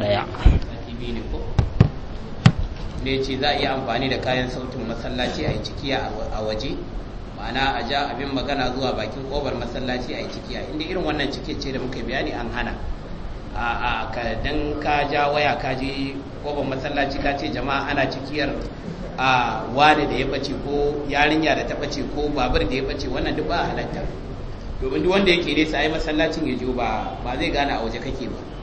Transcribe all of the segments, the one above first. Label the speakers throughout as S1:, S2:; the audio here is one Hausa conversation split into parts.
S1: ɗaya
S2: ne ce za a iya amfani da kayan sautin masallaci a yi ciki a waje ma'ana a ja abin magana zuwa bakin kobar masallaci a yi ciki a inda irin wannan ciki ce da muka bayani an hana a ka dan ka ja waya ka je kobar masallaci ka ce jama'a ana cikiyar a wani da ya bace ko yarinya da ta bace ko babur da ya bace wannan duk ba halatta domin duk wanda yake nesa ai masallacin ya jo ba ba zai gane a waje kake ba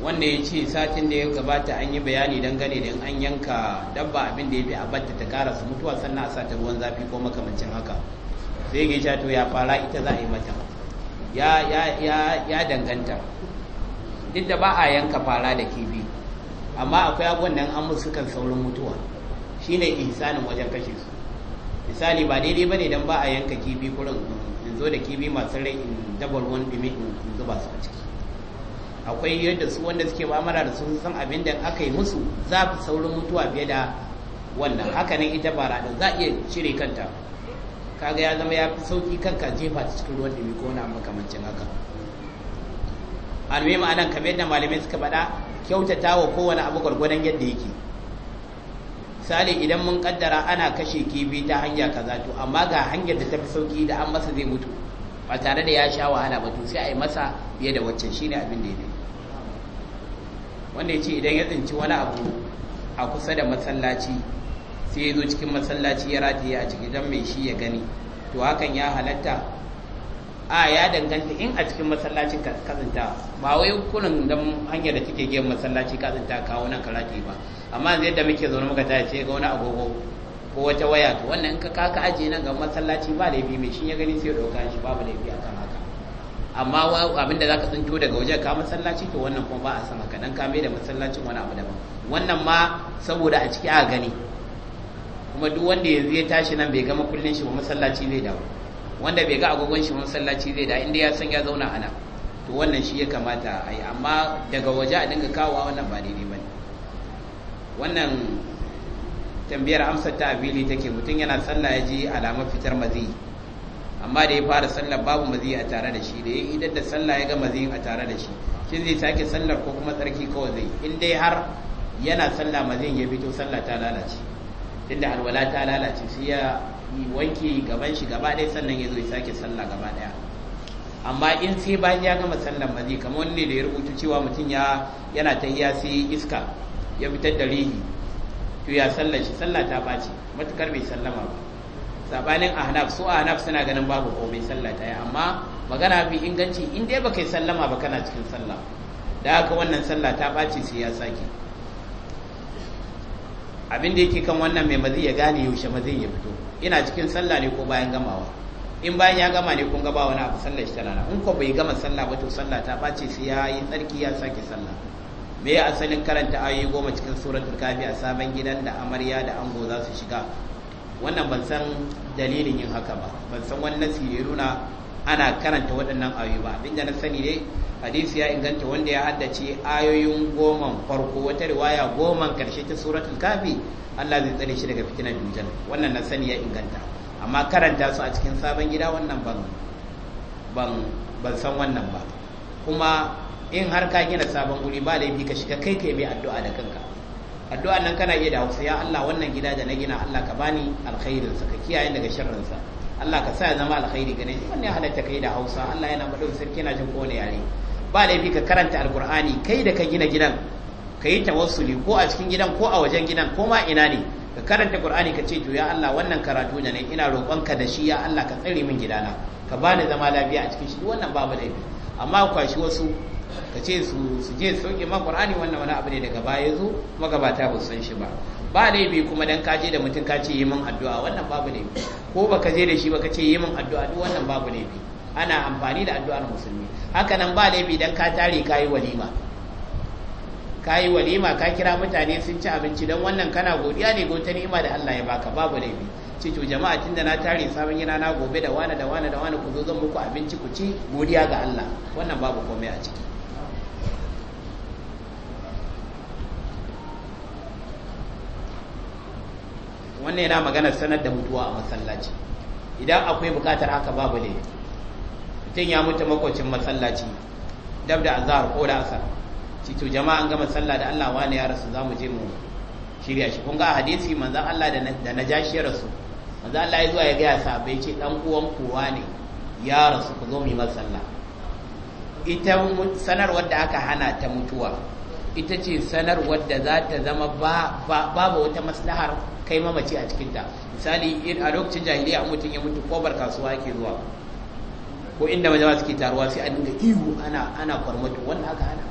S2: wanda ya ce satin da ya gabata an yi bayani dangane da an yanka dabba abin da ya bi abatta ta kara su mutuwa sannan a sata ruwan zafi ko makamancin haka sai ya ce to ya fara ita za a yi mata ya ya ya danganta duk da ba a yanka fara da kifi amma akwai abubuwan nan an musu kan saurin mutuwa shine ihsanin wajen kashe su misali ba daidai bane dan ba a yanka kifi kurin in zo da kifi masu rai in dabar ruwan dumi in zuba su a ciki akwai yadda su wanda suke mamara da su san abin da aka yi musu za fi saurin mutuwa fiye da wannan haka ne ita bara da za a iya cire kanta kaga ya zama ya fi sauki kanka jefa ta cikin ruwan dumi ko na makamancin haka almuhim anan kamar yadda malamai suka faɗa kyautata wa kowane abu gwargwadon yadda yake misali idan mun kaddara ana kashe kifi ta hanya kaza to amma ga hanyar da ta fi sauki da an masa zai mutu ba tare da ya sha wahala ba to sai a yi masa fiye da waccan shine abin da ya wanda ya ce idan ya tsinci wani abu a kusa da masallaci sai ya zo cikin masallaci ya rataye a ciki don mai shi ya gani to hakan ya halatta a ya danganta in a cikin masallaci ka kazanta ba wai kunan don hanyar da take gina masallaci kazanta kawo nan ka ba amma zai da muke zaune muka tashi ce ga wani agogo ko wata waya to wannan in ka kaka aje nan ga masallaci ba laifi mai shi ya gani sai ya dauka shi babu laifi akan haka amma abin da zaka tsinto daga wajen ka masallaci to wannan kuma ba a sama ka dan kame da masallacin wani abu daban wannan ma saboda a ciki a gani kuma duk wanda yanzu ya tashi nan bai gama kullun shi ba masallaci zai dawo wanda bai ga agogon shi ba masallaci zai da inda ya san ya zauna ana to wannan shi ya kamata a yi amma daga waje a dinga kawowa wannan ba daidai ba ne wannan tambayar amsar ta abili take mutum yana sallah ya ji alamar fitar maziyi amma da ya fara sallar babu mazi a tare da shi da ya idan da sallah ya ga mazi a tare da shi shi zai sake sallar ko kuma tsarki kawai zai in dai har yana sallah mazi ya fito sallah ta lalace tunda alwala ta lalace sai ya wanke gaban shi gaba ɗaya sannan ya zo ya sake sallah gaba ɗaya amma in sai bayan ya gama sallar mazi kamar wani ne da ya rubuta cewa mutum ya yana ta iya sai iska ya fitar da rihi to ya sallar shi sallah ta ɓaci matukar bai sallama ba sabanin ahnaf su ahnaf suna ganin babu komai sallah ɗaya amma magana fi inganci in dai baka yi sallama ba kana cikin sallah da haka wannan sallah ta ɓaci sai ya sake abin da yake kan wannan mai mazi ya gane yaushe mazin ya fito ina cikin sallah ne ko bayan gamawa in bayan ya gama ne kun gaba wani abu sallah shi talana in ko bai gama sallah ba to sallah ta bace sai ya yi tsarki ya sake sallah me ya asalin karanta ayoyi goma cikin suratul kafi a sabon gidan da amarya da ango za su shiga wannan ban san dalilin yin haka ba ban san wani nasi ya nuna ana karanta waɗannan ayoyi ba abin da na sani ne hadisi ya inganta wanda ya haddace ayoyin goman farko wata riwaya goman karshe ta suratul kafi Allah zai tsare shi daga fitinar dujan wannan na sani ya inganta amma karanta su a cikin sabon gida wannan ban ban ban san wannan ba kuma in har ka gina sabon guri ba laifi ka shiga kai kai mai addu'a da kanka addu'a nan kana iya da hausa ya Allah wannan gida da na gina Allah ka bani alkhairin ka kiyaye daga sharrin Allah ka sa ya zama alkhairi gare shi wannan halatta kai da hausa Allah yana madaukakin sarki yana jin kowane yare ba laifi ka karanta alkur'ani kai da ka gina gidan ka yi tawassuli ko a cikin gidan ko a wajen gidan ko ma ina ne ka karanta qur'ani ka ce to ya Allah wannan karatu da ne ina roƙonka da shi ya Allah ka tsare min gidana ka bani zama lafiya a cikin shi wannan babu laifi amma kwashi wasu ka ce su je sauke ma ƙwarani wannan wani abu ne daga baya zo magabata ba san shi ba ba laifi kuma dan ka da mutum ka ce yi min addu'a wannan babu laifi ko ba ka je da shi ba ka ce yi min addu'a duk wannan babu laifi ana amfani da addu'ar musulmi haka nan ba laifi dan ka tare yi walima yi walima ka kira mutane sun ci abinci dan wannan kana godiya ne ga ta ni'ima da Allah ya baka babu laifi ce to jama'a tunda na tare sabon yana na gobe da wani da wani da wani ku zo zan muku abinci ku ci godiya ga Allah wannan babu komai a ciki wannan yana magana sanar da mutuwa a masallaci idan akwai bukatar haka babu ne mutum ya mutu makocin masallaci dab da azhar ko da asar cito jama'a an gama sallah da Allah wani ya rasu za mu je mu shirya shi kun ga hadisi manzan Allah da na jashi ya rasu manzan Allah ya zuwa ya gaya sa bai ce dan uwan kowa ne ya rasu ku zo mu yi ita sanarwar da aka hana ta mutuwa ita ce sanarwar da za ta zama babu wata maslahar kai mamaci a cikinta misali in a lokacin jahiliya mutum ya mutu kobar kasuwa yake zuwa ko inda majama suke taruwa sai a dinga ihu ana ana kwarmatu wannan haka ana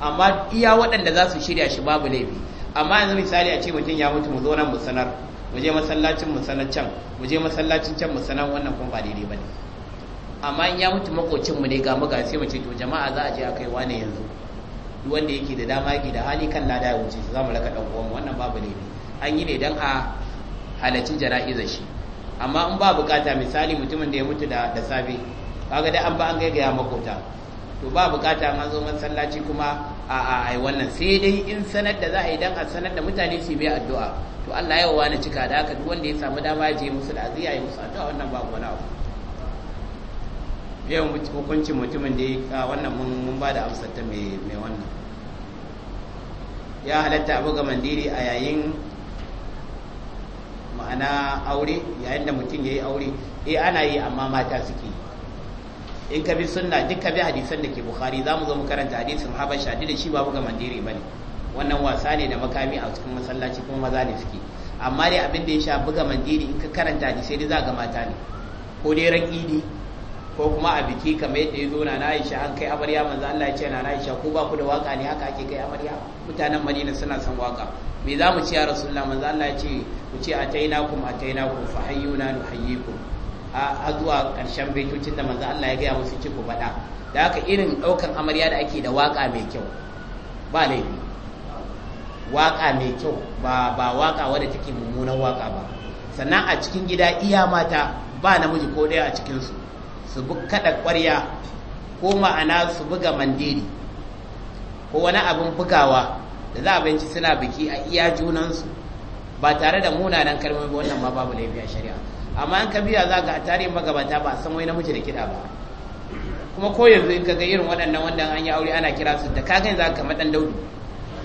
S2: amma iya waɗanda za su shirya shi babu laifi amma yanzu misali a ce mutum ya mutu mu zo nan mu sanar mu je masallacin mu sanar can mu je masallacin can mu sanar wannan kuma ba daidai bane amma in ya mutu makocin mu ne ga mu ga sai mu ce to jama'a za a je a kai wane yanzu wanda yake da dama yake da hali kan lada ya wuce za mu raka ɗan uwan wannan babu laifi an yi ne don a halarci jana'izar shi amma in ba bukata misali mutumin da ya mutu da safe kaga da an ba an gaigaya makota to ba bukata ma zo masallaci kuma a a wannan sai dai in sanar da za a yi dan a sanar da mutane su mai addu'a to Allah ya wani cika da haka duk wanda ya samu dama je musu da aziya ya musu addu'a wannan ba wani abu yau hukuncin mutumin da ya wannan mun ba da amsar ta mai wannan ya halatta abu ga mandiri a yayin ma'ana aure yayin da mutum ya yi aure eh ana yi amma mata suke in ka bi sunna duk ka bi hadisan da ke bukhari za mu zo mu karanta hadisin habasha duk da shi babu ga mandiri bane wannan wasa ne da makami a cikin masallaci kuma maza ne suke amma dai abin da ya sha buga mandiri in ka karanta hadisai dai za ga mata ne ko dai ran idi ko kuma a biki kamar yadda ya zo na Aisha an kai amarya manzo Allah ya ce na Aisha ko ba ku da waka ne haka ake kai amarya mutanen Madina suna son waka me za mu ce ya Rasulullah manzo Allah ya ce ku ce atainakum atainakum fa hayyuna nuhayyikum a zuwa karshen baitocin da manzo Allah ya gaya musu ci ku faɗa da haka irin ɗaukar amarya da ake da waka mai kyau ba laifi waka mai kyau ba ba waka wadda take mummunan waka ba sannan a cikin gida iya mata ba namiji ko daya a cikin su. su bi kada ko ma'ana su buga mandiri ko wani abin bugawa da za a binci suna biki a iya junansu ba tare da munanan kalmomi ba wannan ma babu laifi a shari'a amma an biya za ga a tarihin magabata ba a san wai namiji da kiɗa ba kuma ko yanzu in kaga irin waɗannan wanda an yi aure ana kira su da kagan za ka maɗan daudu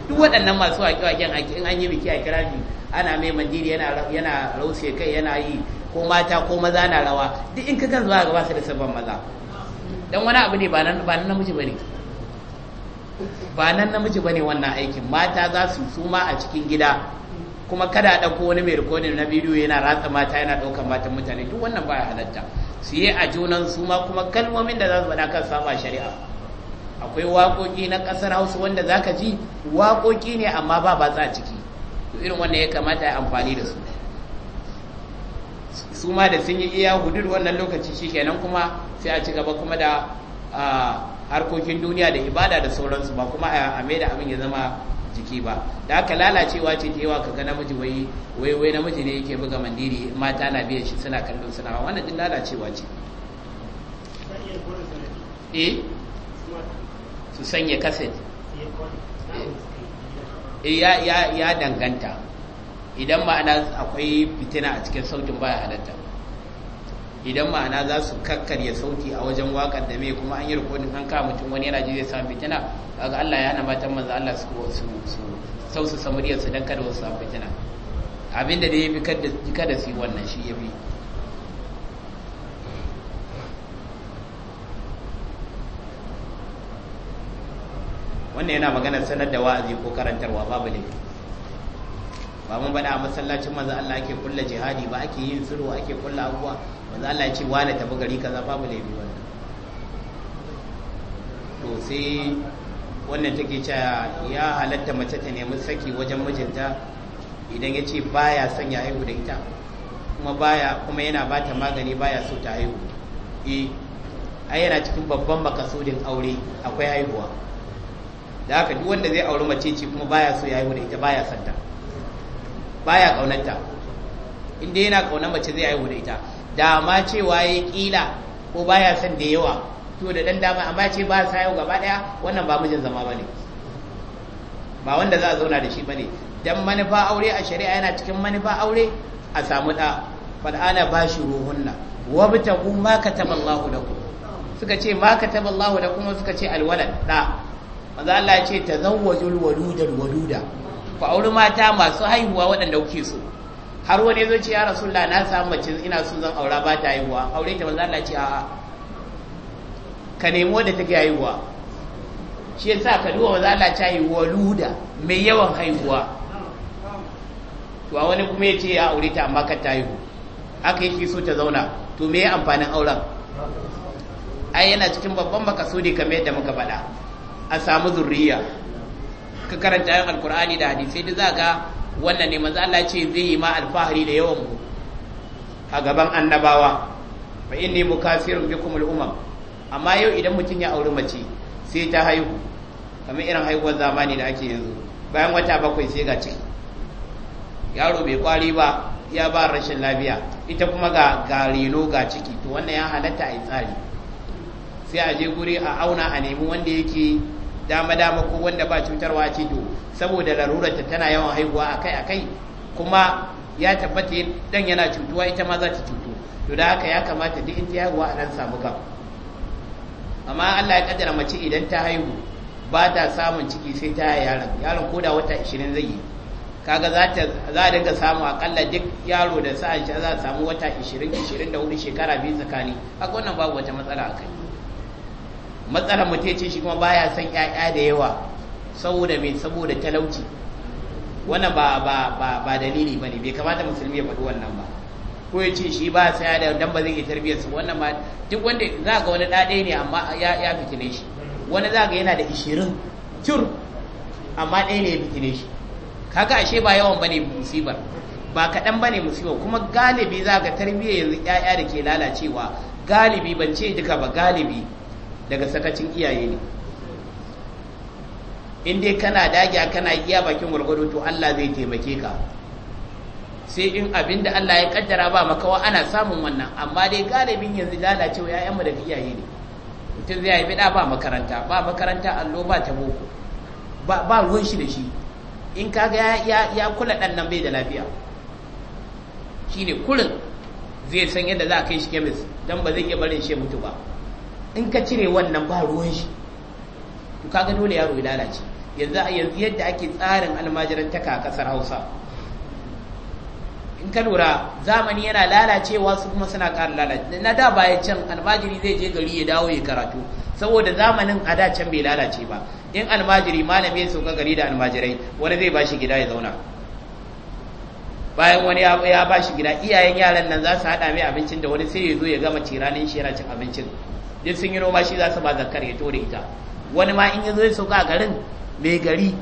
S2: duk waɗannan masu waƙe-waƙen in an yi biki a kira ana mai mandiri yana rausa kai yana yi ko mata ko maza na rawa duk in ka kan zuwa ga ba da sabon maza dan wani abu ne ba nan namiji bane ba nan namiji bane wannan aikin mata za su suma a cikin gida kuma kada ɗauko wani mai rikodin na bidiyo yana ratsa mata yana ɗaukar matan mutane duk wannan baya halatta su yi a junan suma kuma kalmomin da za su faɗa kan saba shari'a akwai waƙoƙi na ƙasar hausa wanda za ka ji waƙoƙi ne amma ba ba za ciki irin wanda ya kamata ya amfani da su su ma da sun yi iya hudur wannan lokaci shikenan kuma sai a ci gaba kuma da harkokin duniya da ibada da sauransu ba kuma a mai da abin ya zama jiki ba da aka lalacewa ce ta yawa ka ga namiji wai wai wai namiji ne yake buga mandiri mata na biyan shi suna kallon suna wannan din lalacewa ce eh su sanya kaset eh ya ya ya danganta idan ma'ana akwai fitina a cikin sautin baya halatta idan ma'ana za su kakkarya sauti a wajen wakar da mai kuma an yi rikodin an kama mutum wani yana ji zai samu fitina kaga Allah ya hana matan manzo Allah su su su sau su samariyar su dan kada wasu samu fitina abinda da yafi kada kada su yi wannan shi yafi wannan yana magana sanar da wa'azi ko karantarwa babu ne. ba mun bada a masallacin manzo Allah ake kulla jihadi ba ake yin sulhu ake kulla abuwa wanda Allah ya ce na tafi gari kaza babu laifi wanda to sai wannan take cewa ya halatta mace ta nemi saki wajen mijinta idan ya ce baya son ya haihu da ita kuma baya kuma yana ba ta magani baya so ta haihu eh ai yana cikin babban makasudin aure akwai haihuwa da haka duk wanda zai auri mace ce kuma baya so ya haihu da ita baya santa baya kaunanta inda yana kaunar mace zai haihu da ita da ma cewa ya kila ko baya son da yawa to da dan dama amma ce ba sa yau gaba daya wannan ba mijin zama bane ba wanda za a zauna da shi bane dan manufa aure a shari'a yana cikin manufa aure a samu da ba shi ruhunna wabtagu ma kataballahu lakum suka ce ma kataballahu lakum suka ce alwalad da manzo Allah ya ce tazawwajul waluda waluda fa aure mata masu haihuwa waɗanda kuke so har wani zo ce ya rasulullah na samu mace ina son zan aura ba ta haihuwa aure ta manzo Allah ce a'a ka nemo da take haihuwa shi yasa ka duba manzo Allah ta haihuwa luda mai yawan haihuwa to a wani kuma yace ya aure ta amma ka ta haihu haka yake so ta zauna to me amfanin auren ai yana cikin babban makasudi kamar yadda muka faɗa a samu zurriya ka karanta yin alkur'ani da hadisai da za ga wannan ne manzo Allah ce zai yi ma alfahari da yawan mu a gaban annabawa fa inni mukasirun bikum al-umam amma yau idan mutum ya auri mace sai ta haihu kamar irin haihuwar zamani da ake yanzu bayan wata bakwai sai ga ciki yaro bai kwari ba ya ba rashin lafiya ita kuma ga garino ga ciki to wannan ya halatta a yi tsari sai a je guri a auna a nemi wanda yake dama dama ko wanda ba cutarwa ce to saboda larurarta tana yawan haihuwa akai akai kuma ya tabbata dan yana cutuwa ita ma za ta cutu to da haka ya kamata duk in ta haihuwa a nan samu gam amma Allah ya kaddara mace idan ta haihu ba ta samun ciki sai ta yaron yaron ko da wata 20 zai yi kaga za ta za a dinga samu akalla duk yaro da sa'a shi za a samu wata 20 24 shekara biyu tsakani haka wannan babu wata matsala akai matsalar mu ce shi kuma baya son ƴaƴa da yawa saboda me saboda talauci wannan ba ba ba ba dalili bane bai kamata musulmi ya faɗi wannan ba ko ya ce shi ba sai da dan ba zai yi tarbiyyar su wannan ma duk wanda za ga wani ɗaɗe ne amma ya ya fitine shi wani za ga yana da 20 tur amma ɗaya ne ya fitine shi kaga ashe ba yawan bane musibar ba kaɗan bane musibar kuma galibi za ga tarbiyyar yanzu ƴaƴa da ke lalacewa galibi ban ce duka ba galibi daga sakacin iyaye ne in dai kana dagiya kana iya bakin gwargwado to Allah zai taimake ka sai in abin da Allah ya kaddara ba makawa ana samun wannan amma dai galibin yanzu lalacewa ‘ya'yanmu daga iyaye ne mutum zai yi da ba makaranta ba makaranta allo ba ta boko ba ruwan shi da shi in kaga ya kula ɗan nan bai da lafiya Shi ne kurin zai san yadda za a kai shi kemis don ba zai iya barin shi mutu ba in ka cire wannan ba ruwan shi to kaga dole yaro ya lalace yanzu yanzu yadda ake tsarin almajirantaka a kasar Hausa in ka lura zamani yana lalacewa su kuma suna ƙara lalace na da ba ya can almajiri zai je gari ya dawo ya karatu saboda zamanin a da can bai lalace ba in almajiri malami ya sauka gari da almajirai wani zai bashi gida ya zauna bayan wani ya bashi gida iyayen yaran nan za su haɗa mai abincin da wani sai ya zo ya gama ciranin shi yana cin abincin duk sun yi noma shi za su ba zakar ya tore ita wani ma in yanzu zai sauka a garin mai gari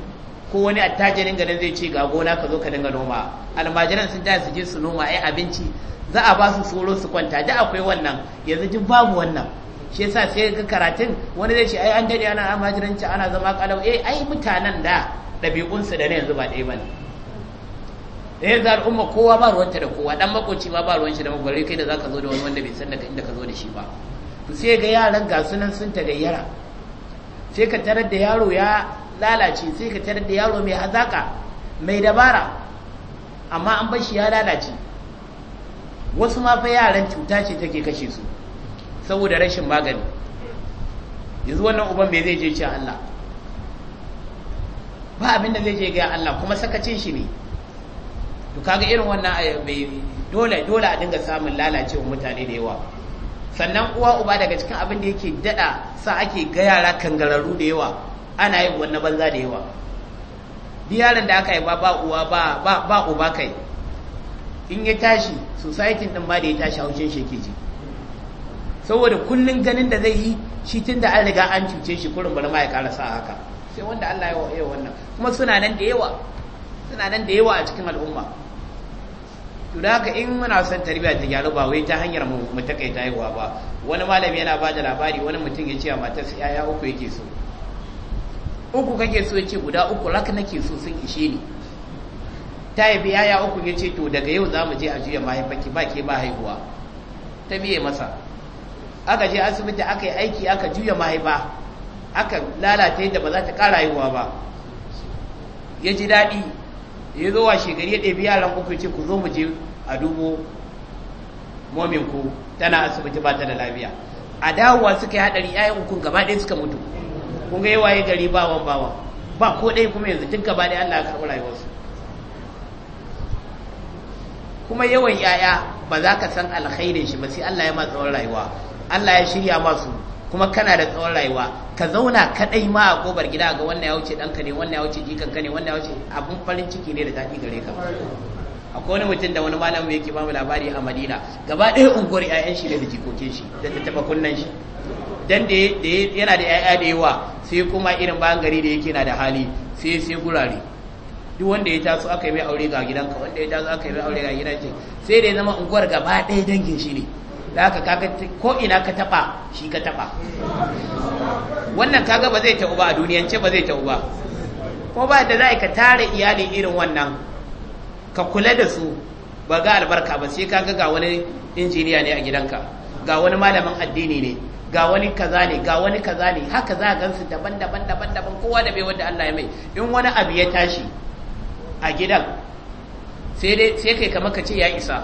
S2: ko wani attajirin garin zai ce ga gona ka zo ka dinga noma almajiran sun ta su je su noma ai abinci za a ba su tsoro su kwanta da akwai wannan yanzu duk babu wannan shi yasa sai ga karatun wani zai ce ai an dade ana almajiranci ana zama kalau eh ai mutanen da ɗabi'unsu da na yanzu ba ɗaya bane da yanzu al'umma kowa ba ruwanta da kowa dan makoci ma ba ruwan shi da magwarai kai da zaka zo da wani wanda bai san da inda ka zo da shi ba sai ga yaran ga sunan sun ta gayyara, sai ka tarar da yaro ya lalace sai ka tarar da yaro mai hazaka mai dabara amma an bar ya lalace wasu ma fa yaran cuta ce take kashe su saboda rashin magani yanzu wannan uban bai zai je ce Allah ba abin da zai je ga Allah kuma sakacin shi ne to kaga irin wannan eh, dole dole a dinga samun lalacewa mutane da yawa sannan uwa uba daga cikin abin da yake daɗa, sa ake ga yara kangararru da yawa ana yin wani banza da yawa yaron da aka yi ba uwa ba uba kai in ya tashi society ɗin ba da ya tashi haushin shi ke saboda kullun ganin da zai yi shi tunda an riga an cuce shi kurin bari ma ya sa haka sai wanda Allah ya wa wannan kuma suna nan da yawa a cikin al'umma to da haka in muna son tarbiyya ta gyaru ba wai ta hanyar mu ta takaita haihuwa ba wani malami yana ba da labari wani mutum ya ce a matarsa yaya uku yake so uku kake so ya ce guda uku rak nake so sun ishe ni ta haifi yaya uku ya ce to daga yau za mu je a juya mahaifarki ba ke ba haihuwa ta biye masa aka je asibiti aka yi aiki aka juya mahaifa aka lalata yadda ba za ta ƙara haihuwa ba ya ji daɗi ya zo wa shekari ya ɗabi yaran uku ce ku zo mu je a dubo momin tana asibiti ba ta da lafiya a dawowa suka yi haɗari yi uku gaba ɗaya suka mutu kun ga yawaye gari bawan bawan ba ko ɗaya kuma yanzu tun gaba ɗaya Allah ya karɓi rayuwarsu kuma yawan 'ya'ya ba za ka san alkhairin shi ba sai Allah ya ma tsawon rayuwa Allah ya shirya masu kuma kana da tsawon rayuwa ka zauna kadai ma a kobar gida ga wannan ya wuce ɗanka ne wannan ya wuce jikanka ne wannan ya wuce abun farin ciki ne da daɗi gare ka akwai wani mutum da wani malamu yake ke mu labari a madina gaba ɗaya unguwar 'ya'yan shi ne da jikokin shi da tattaɓa kunnan shi dan da yana da 'ya'ya da yawa sai kuma irin bayan gari da yake na da hali sai sai gurare duk wanda ya taso aka yi mai aure ga gidanka wanda ya taso aka yi mai aure ga gidanka sai da ya zama unguwar gaba ɗaya dangin shi ne da haka kaga ko ina ka taɓa, shi ka taɓa. wannan kaga ba zai taɓa ba a duniyance ba zai taɓa ba ko ba da za ka tare iyali irin wannan ka kula da su ba ga albarka ba sai kaga ga wani injiniya ne a gidanka ga wani malamin addini ne ga wani kaza ne ga wani kaza ne haka za a gansu daban-daban daban-daban kowa da bai wanda Allah ya mai in wani abu ya tashi a gidan sai dai sai kai kamar ka ce ya isa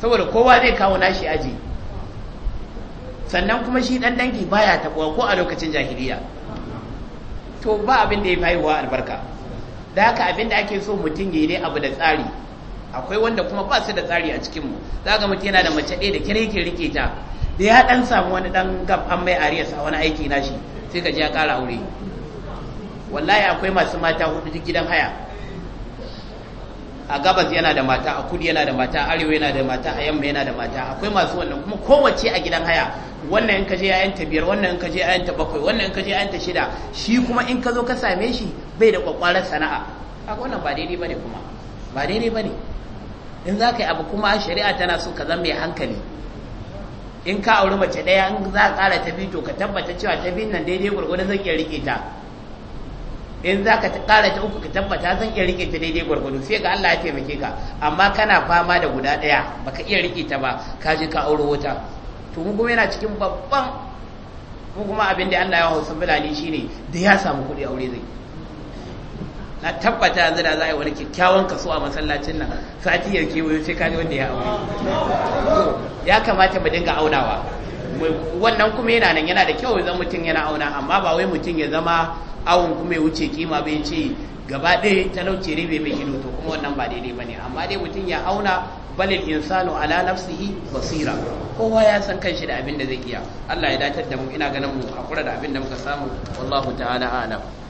S2: saboda kowa zai kawo nashi aji sannan kuma shi dan dangi baya tabuwa ko a lokacin jahiliya to ba abin da ya haihuwa albarka da haka abin da ake so mutum ya yi dai abu da tsari akwai wanda kuma ba su da tsari a cikinmu za ga mutum yana da mace ɗaya da yake rike ta da ya ɗan samu wani ɗan gab an mai ariya a wani aiki nashi sai ka ji ya kara aure wallahi akwai masu mata hudu duk gidan haya a gabas yana da mata a kudu yana da mata a arewa yana da mata a yamma yana da mata akwai masu wannan kuma kowace a gidan haya wannan in ka je yayan ta biyar wannan in ka je yayan ta bakwai wannan in ka je yayan ta shida shi kuma in ka zo ka same shi bai da kwakwaran sana'a kaga wannan ba daidai bane kuma ba daidai bane in za ka yi abu kuma shari'a tana so ka zama mai hankali in ka auri mace ɗaya in za ka ƙara ta biyu to ka tabbata cewa ta biyun nan daidai gwargwadon zan iya riƙe ta in za ka ƙara ta uku ka tabbata zan iya rike ta daidai gwargwado sai ga Allah ya taimake ka amma kana fama da guda ɗaya baka iya rike ta ba ka je ka auro wuta. to mu kuma yana cikin babban mu kuma abin da Allah ya hausa shi shine da ya samu kuɗi aure zai na tabbata yanzu da za a yi wani kyakkyawan kaso a masallacin nan sati ya wuyo sai ka wanda ya aure ya kamata mu dinga aunawa wannan kuma yana nan yana da kyau ya zama mutum yana auna amma ba wai mutum ya zama awon kuma ya wuce kima bai ce gaba ɗaya talauci ribe mai ido to kuma wannan ba daidai ba ne amma dai mutum ya auna balil insanu ala nafsihi basira kowa ya san kanshi da abin da zai iya Allah ya datar da mu ina ganin mu hakura da abin da muka samu wallahu ta'ala a'lam